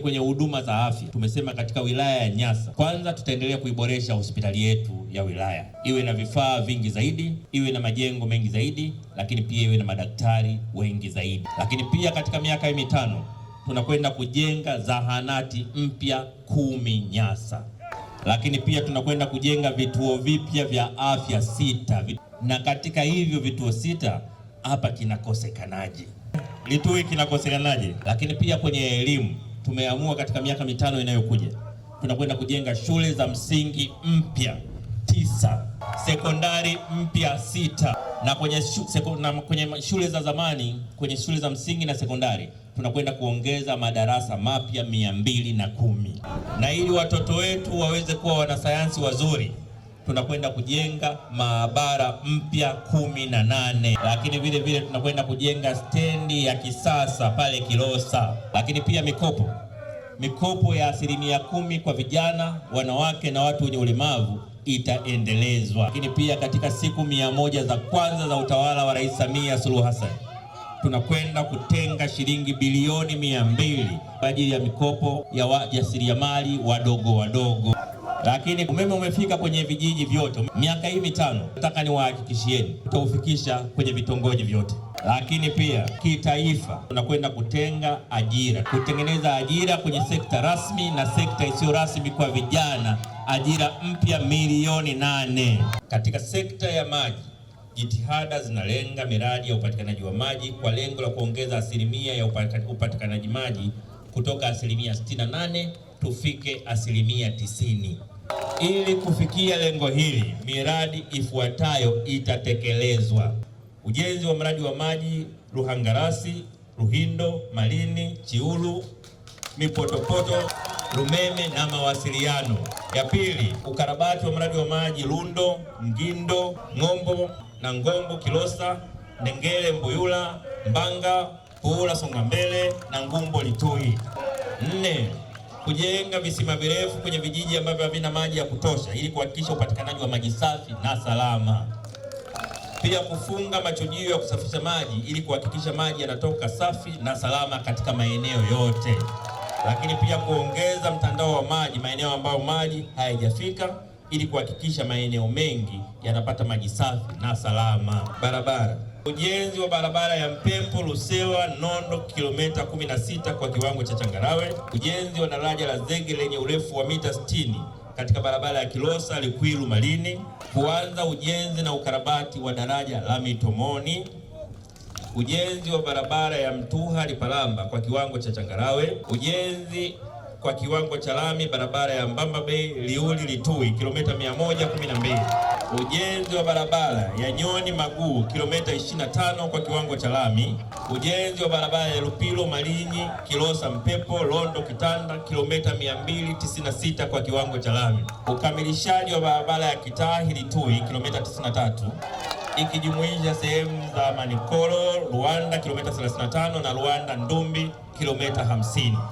Kwenye huduma za afya tumesema katika wilaya ya Nyasa, kwanza tutaendelea kuiboresha hospitali yetu ya wilaya iwe na vifaa vingi zaidi, iwe na majengo mengi zaidi, lakini pia iwe na madaktari wengi zaidi. Lakini pia katika miaka mitano tunakwenda kujenga zahanati mpya kumi Nyasa, lakini pia tunakwenda kujenga vituo vipya vya afya sita, na katika hivyo vituo sita hapa kinakosekanaje? Litui kinakosekanaje? Lakini pia kwenye elimu tumeamua katika miaka mitano inayokuja tunakwenda kujenga shule za msingi mpya tisa, sekondari mpya sita, na kwenye, shu, seko, na kwenye shule za zamani kwenye shule za msingi na sekondari tunakwenda kuongeza madarasa mapya mia mbili na kumi na ili watoto wetu waweze kuwa wanasayansi wazuri tunakwenda kujenga maabara mpya kumi na nane, lakini vile vile tunakwenda kujenga stendi ya kisasa pale Kilosa, lakini pia mikopo mikopo ya asilimia kumi kwa vijana, wanawake na watu wenye ulemavu itaendelezwa. Lakini pia katika siku mia moja za kwanza za utawala wa Rais Samia Suluhu Hassan tunakwenda kutenga shilingi bilioni mia mbili kwa ajili ya mikopo ya wajasiriamali wadogo wadogo lakini umeme umefika kwenye vijiji vyote. Miaka hii mitano, nataka niwahakikishieni tutaufikisha kwenye vitongoji vyote, lakini pia kitaifa tunakwenda kutenga ajira, kutengeneza ajira kwenye sekta rasmi na sekta isiyo rasmi kwa vijana, ajira mpya milioni nane katika sekta ya maji. Jitihada zinalenga miradi ya upatikanaji wa maji kwa lengo la kuongeza asilimia ya upatikanaji maji kutoka asilimia 68 tufike asilimia 90. Ili kufikia lengo hili, miradi ifuatayo itatekelezwa: ujenzi wa mradi wa maji Ruhangarasi, Ruhindo, Malini, Chiulu, Mipotopoto, Rumeme na mawasiliano. Ya pili, ukarabati wa mradi wa maji Lundo, Mgindo, Ng'ombo na Ngombo, Kilosa, Ndengele, Mbuyula, Mbanga, Puula, Songambele na Ngumbo, Litui. Nne, kujenga visima virefu kwenye vijiji ambavyo havina maji ya kutosha ili kuhakikisha upatikanaji wa maji safi na salama. Pia kufunga machujio ya kusafisha maji ili kuhakikisha maji yanatoka safi na salama katika maeneo yote, lakini pia kuongeza mtandao wa maji maeneo ambayo maji hayajafika ili kuhakikisha maeneo mengi yanapata maji safi na salama. Barabara, ujenzi wa barabara ya Mpempo Lusewa Nondo kilomita 16 kwa kiwango cha changarawe, ujenzi wa daraja la zege lenye urefu wa mita 60 katika barabara ya Kilosa Likwilu Malini, kuanza ujenzi na ukarabati wa daraja la Mitomoni, ujenzi wa barabara ya Mtuha Lipalamba kwa kiwango cha changarawe, ujenzi kwa kiwango cha lami barabara ya Mbamba Bay Liuli Litui kilomita 112, ujenzi wa barabara ya Nyoni Maguu kilomita 25 kwa kiwango cha lami, ujenzi wa barabara ya Lupilo Malinyi Kilosa Mpepo Londo Kitanda kilomita 296 kwa kiwango cha lami, ukamilishaji wa barabara ya Kitahi Litui kilomita 93 ikijumuisha sehemu za Manikoro Rwanda kilomita 35 na Rwanda Ndumbi kilomita 50.